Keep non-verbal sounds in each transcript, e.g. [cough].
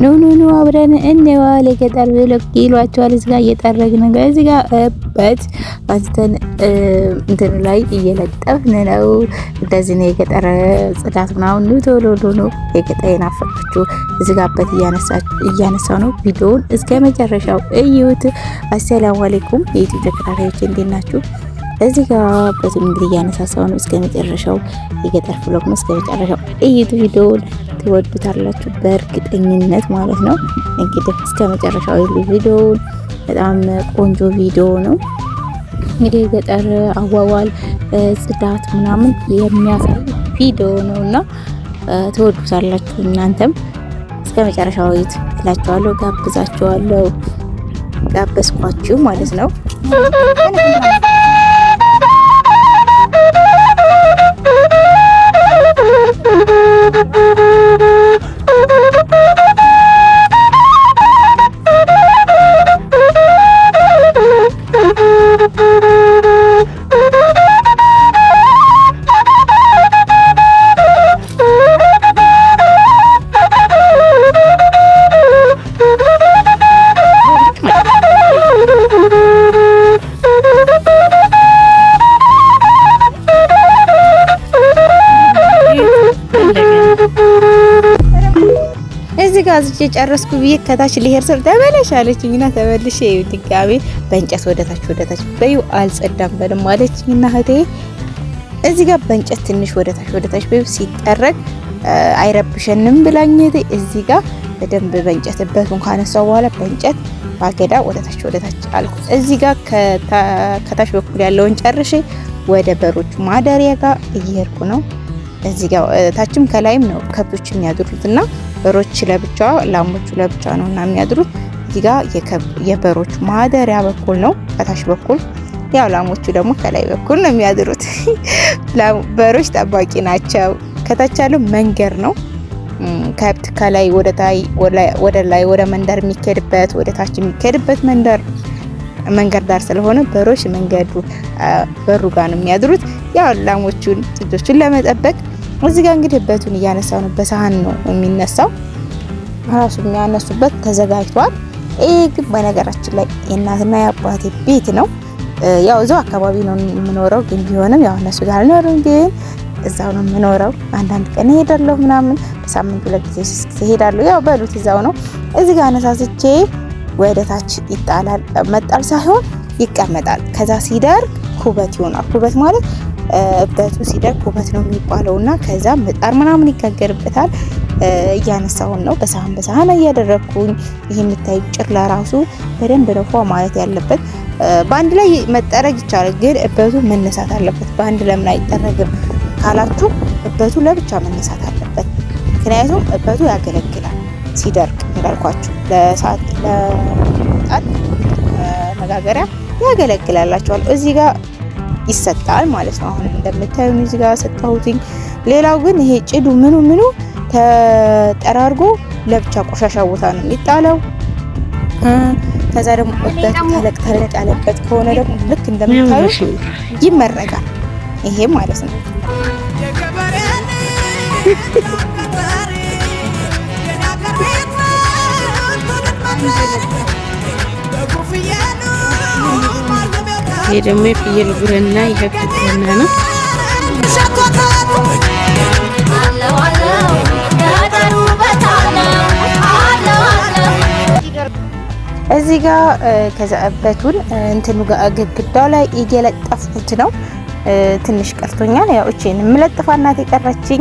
ኑ ኑ ኑ አብረን እንዋል የገጠር ብሎክ ይሏቸዋል። እዚህ ጋር እየጠረግን ነው። እዚህ ጋር በት አንስተን እንትኑ ላይ እየለጠፍን ነው። እንደዚህ ነው የገጠር ጽዳት ምናምን። ኑ ቶሎ ኑ ኑ የገጠር የናፈቃችሁ እዚህ ጋር በት እያነሳው ነው። ቪዲዮውን እስከ መጨረሻው እዩት። አሰላሙ አሌይኩም የኢትዮ ተከታታዮች እንዴት ናችሁ? እዚህ ጋር በዙም እንግዲህ እያነሳሳው ነው። እስከ መጨረሻው የገጠር ፍሎግ ነው። እስከ መጨረሻው እዩት፣ ቪዲዮውን ትወዱታላችሁ በእርግጠኝነት ማለት ነው። እንግዲህ እስከ መጨረሻው ይሉ ቪዲዮውን፣ በጣም ቆንጆ ቪዲዮ ነው። እንግዲህ የገጠር አዋዋል፣ ጽዳት ምናምን የሚያሳይ ቪዲዮ ነው እና ትወዱታላችሁ እናንተም እስከ መጨረሻው ይት እላችኋለሁ፣ ጋብዛችኋለሁ፣ ጋበዝኳችሁ ማለት ነው። ¡Gracias! አዝጬ ጨረስኩ ብዬ ከታች ልሄድ ስር ተመለሽ አለችኝና ተመልሼ ድጋሜ በእንጨት ወደታች ወደታች በዩ አልጸዳም በልም አለችኝና እህቴ እዚህ ጋር በእንጨት ትንሽ ወደታች ወደታች በዩ ሲጠረግ አይረብሸንም ብላኝ እህቴ እዚህ ጋር በደንብ በእንጨት በቱን ካነሳው በኋላ በእንጨት ባገዳ ወደታች ወደታች አልኩ። እዚህ ጋር ከታች በኩል ያለውን ጨርሼ ወደ በሮቹ ማደሪያ ጋር እየሄድኩ ነው። እዚህ ጋር ታችም ከላይም ነው ከብቶች የሚያድሩት እና በሮች ለብቻ ላሞቹ ለብቻ ነው እና የሚያድሩት። እዚህ ጋር የበሮች ማደሪያ በኩል ነው ከታች በኩል ያው ላሞቹ ደግሞ ከላይ በኩል ነው የሚያድሩት። [laughs] በሮች ጠባቂ ናቸው። ከታች ያለው መንገድ ነው። ከብት ከላይ ወደ ላይ ወደ መንደር የሚካሄድበት ወደ ታች የሚካሄድበት መንደር መንገድ ዳር ስለሆነ በሮች መንገዱ በሩ ጋር ነው የሚያድሩት። ያው ላሞቹን ጥጆቹን ለመጠበቅ እዚህ ጋር እንግዲህ በቱን እያነሳው ነው፣ በሳህን ነው የሚነሳው። ራሱ የሚያነሱበት ተዘጋጅቷል። ይሄ ግን በነገራችን ላይ የእናትና የአባቴ ቤት ነው። ያው እዛው አካባቢ ነው የምኖረው፣ ግን ቢሆንም ያው እነሱ ጋር አልኖርም፣ ግን እዛው ነው የምኖረው። አንዳንድ ቀን እሄዳለሁ ምናምን፣ በሳምንት ሁለት ጊዜ ያው በሉት እዛው ነው እዚህ ጋር አነሳስቼ ወደታች ይጣላል። መጣል ሳይሆን ይቀመጣል። ከዛ ሲደርግ ኩበት ይሆናል። ኩበት ማለት እበቱ ሲደርግ ኩበት ነው የሚባለው እና ከዛ ምጣድ ምናምን ይጋገርበታል። እያነሳውን ነው በሳህን በሳህን እያደረግኩኝ። ይህ የምታይ ጭር ለራሱ በደንብ ረፏ ማለት ያለበት በአንድ ላይ መጠረግ ይቻላል፣ ግን እበቱ መነሳት አለበት። በአንድ ለምን አይጠረግም ካላችሁ እበቱ ለብቻ መነሳት አለበት። ምክንያቱም እበቱ ያገለግላል ሲደርግ እንዳልኳችሁ ለሰዓት ለጣት መጋገሪያ ያገለግላላቸዋል። እዚህ ጋር ይሰጣል ማለት ነው። አሁን እንደምታዩ እዚህ ጋር ሰጣሁትኝ። ሌላው ግን ይሄ ጭዱ ምኑ ምኑ ተጠራርጎ ለብቻ ቆሻሻ ቦታ ነው የሚጣለው። ከዛ ደግሞ እበት ተለቅ ተለቅ ያለበት ከሆነ ደግሞ ልክ እንደምታዩ ይመረጋል። ይሄም ማለት ነው። ይሄ ደግሞ የፍየል ጉረና የከብት ጉረና ነው። እዚህ ጋር ከዛበቱን እንትኑ ጋር ግድግዳው ላይ እየለጠፍኩት ነው። ትንሽ ቀርቶኛል። ያው እቺን የምለጥፋ እናት የቀረችኝ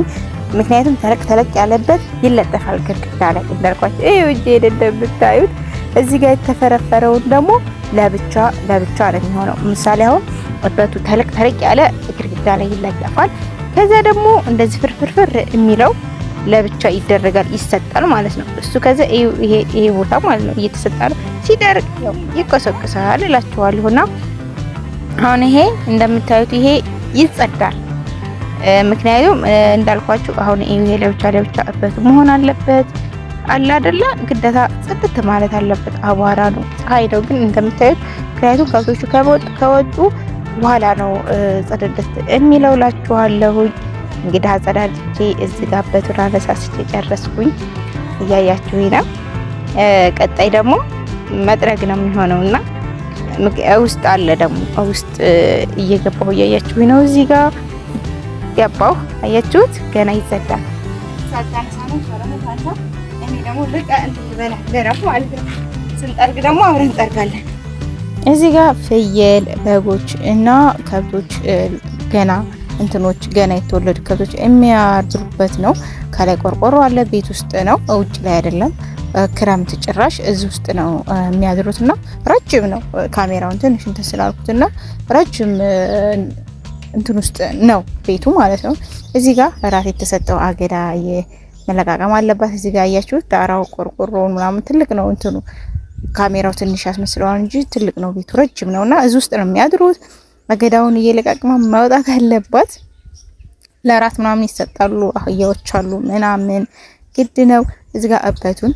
ምክንያቱም ተለቅ ተለቅ ያለበት ይለጠፋል ግድግዳ ላይ እንዳልኳቸው። ይሄ እጄ ደደብ ብታዩት እዚህ ጋር የተፈረፈረውን ደግሞ ለብቻ ለብቻ ነው የሚሆነው። ምሳሌ አሁን እበቱ ተለቅ ተልቅ ያለ ግድግዳ ላይ ይለጠፋል። ከዛ ደግሞ እንደዚህ ፍርፍርፍር የሚለው ለብቻ ይደረጋል ይሰጣል ማለት ነው። እሱ ከዛ ይሄ ቦታ ማለት ነው እየተሰጣ ነው። ሲደርቅ ያው ይቆሰቁሳል እና አሁን ይሄ እንደምታዩት ይሄ ይጸዳል። ምክንያቱም እንዳልኳችሁ አሁን ይሄ ለብቻ ለብቻ እበቱ መሆን አለበት። አለ አይደለ ግዴታ ጽድት ማለት አለበት። አቧራ ነው፣ ፀሐይ ነው ግን እንደምታዩት ምክንያቱም ከብቶቹ ከወጡ በኋላ ነው ጽድድት የሚለው ላችኋለሁኝ። እንግዲህ አጸዳድቼ እዚህ ጋር በቱን አነሳስቼ ጨረስኩኝ። እያያችሁ ነው። ቀጣይ ደግሞ መጥረግ ነው የሚሆነውና ውስጥ አለ ደግሞ ውስጥ እየገባሁ እያያችሁ ነው። እዚህ ጋር ገባሁ፣ አያችሁት። ገና ይጸዳል። ፈረመ ደግሞ ስንጠርግ ደግሞ አብረን እንጠርጋለን። እዚህ ጋር ፍየል፣ በጎች እና ከብቶች ገና እንትኖች ገና የተወለዱ ከብቶች የሚያድሩበት ነው። ከላይ ቆርቆሮ አለ። ቤት ውስጥ ነው፣ ውጭ ላይ አይደለም። ክረምት ጭራሽ እዚህ ውስጥ ነው የሚያድሩት እና ረጅም ነው። ካሜራውን ትንሽ እንትን ስላልኩት እና ረጅም እንትን ውስጥ ነው ቤቱ ማለት ነው። እዚህ ጋር እራት የተሰጠው አገዳ መለቃቀም አለባት። እዚህ ጋር አያችሁት ጣራው ቆርቆሮውን ምናምን ትልቅ ነው እንትኑ ካሜራው ትንሽ ያስመስለዋል እንጂ ትልቅ ነው። ቤቱ ረጅም ነው እና እዚህ ውስጥ ነው የሚያድሩት። አገዳውን እየለቃቅማ ማውጣት አለባት። ለራት ምናምን ይሰጣሉ። አህያዎች አሉ ምናምን ግድ ነው። እዚህ ጋር እበቱን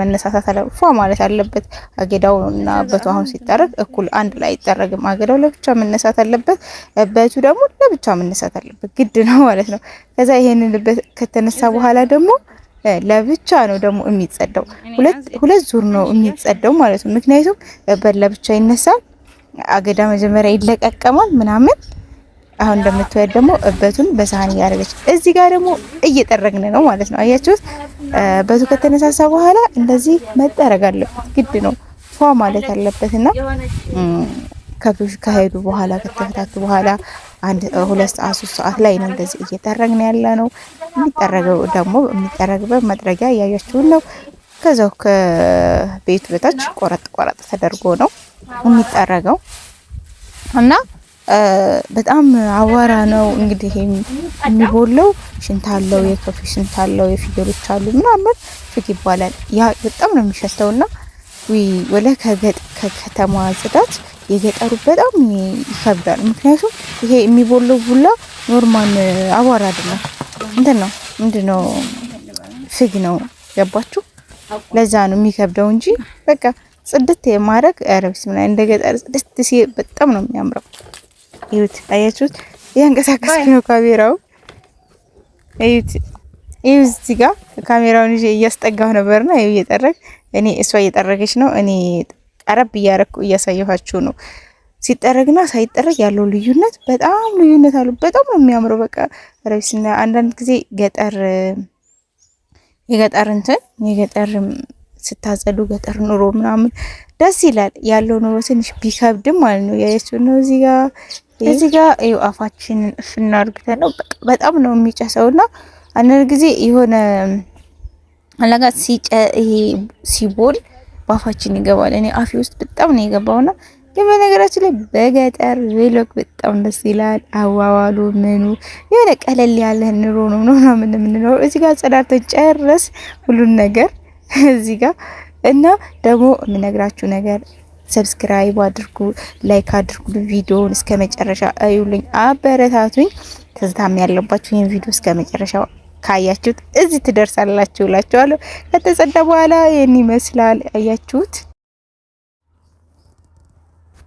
መነሳሳት አለ ፏ ማለት አለበት። አገዳው እና በቱ አሁን ሲጠረግ እኩል አንድ ላይ አይጠረግም። አገዳው ለብቻ መነሳት አለበት፣ እበቱ ደግሞ ለብቻ መነሳት አለበት። ግድ ነው ማለት ነው። ከዛ ይሄንን ከተነሳ በኋላ ደግሞ ለብቻ ነው ደግሞ የሚጸዳው። ሁለት ሁለት ዙር ነው የሚጸዳው ማለት ነው። ምክንያቱም እበት ለብቻ ይነሳል፣ አገዳ መጀመሪያ ይለቀቀማል ምናምን አሁን እንደምትወድ ደግሞ እበቱን በሳህን እያደረገች እዚህ ጋር ደግሞ እየጠረግን ነው ማለት ነው። አያችሁት? በቱ ከተነሳሳ በኋላ እንደዚህ መጠረግ አለበት፣ ግድ ነው፣ ፏ ማለት አለበት እና ከብቶች ከሄዱ በኋላ ከተፈታቱ በኋላ አንድ ሁለት ሰዓት ሶስት ሰዓት ላይ ነው እንደዚህ እየጠረግን ያለ ነው። የሚጠረገው ደግሞ የሚጠረግበት መጥረጊያ እያያችሁን ነው። ከዛው ከቤቱ በታች ቆረጥ ቆረጥ ተደርጎ ነው የሚጠረገው እና በጣም አዋራ ነው እንግዲህ የሚቦለው። ሽንት አለው፣ የከፊ ሽንት አለው፣ የፍየሎች አሉ ምናምን ፍግ ይባላል። ያ በጣም ነው የሚሸተውና ዊ ወለ ከከተማ ጽዳት የገጠሩ በጣም ይከብዳል። ምክንያቱም ይሄ የሚቦለው ቡላ ኖርማል አቧራ አይደለም፣ እንትን ነው ምንድን ነው ፍግ ነው። ገባችሁ? ለዛ ነው የሚከብደው እንጂ በቃ ጽድት የማድረግ ኧረ እንደ ገጠር ጽድት ሲ በጣም ነው የሚያምረው። ይሁት አያችሁት? እያንቀሳቀስኩ ነው ካሜራው። እዩት እዩት፣ እዚህ ጋር ካሜራውን ይዤ እያስጠጋሁ ነበርና ይኸው እየጠረግ እኔ እሷ እየጠረገች ነው፣ እኔ ቀረብ እያረኩ እያሳየኋችሁ ነው። ሲጠረግና ሳይጠረግ ያለው ልዩነት በጣም ልዩነት አሉ። በጣም ነው የሚያምረው። በቃ ረቢስና አንዳንድ ጊዜ ገጠር የገጠር እንትን የገጠር ስታጸዱ ገጠር ኑሮ ምናምን ደስ ይላል። ያለው ኑሮ ትንሽ ቢከብድም ማለት ነው። ያየችው ነው እዚህ ጋር እዚህ ጋር ይኸው አፋችንን እናርግተን ነው በጣም ነው የሚጨሰው እና አንዳንድ ጊዜ የሆነ አላጋ ሲጨ ይሄ ሲቦል በአፋችን ይገባል። እኔ አፌ ውስጥ በጣም ነው የገባውና ግን በነገራችን ላይ በገጠር ቬሎግ በጣም ደስ ይላል። አዋዋሉ ምኑ የሆነ ቀለል ያለ ኑሮ ነው ነው ነው ምን ነው እዚህ ጋር ጸዳርተን ጨረስ ሁሉን ነገር እዚህ ጋር እና ደግሞ የምነግራችሁ ነገር ሰብስክራይብ አድርጉ፣ ላይክ አድርጉ። ቪዲዮውን እስከ መጨረሻ እዩልኝ፣ አበረታቱኝ። ትዝታም ያለባችሁ ይህን ቪዲዮ እስከ መጨረሻው ካያችሁት እዚህ ትደርሳላችሁ እላችኋለሁ። ከተጸዳ በኋላ ይህን ይመስላል። አያችሁት?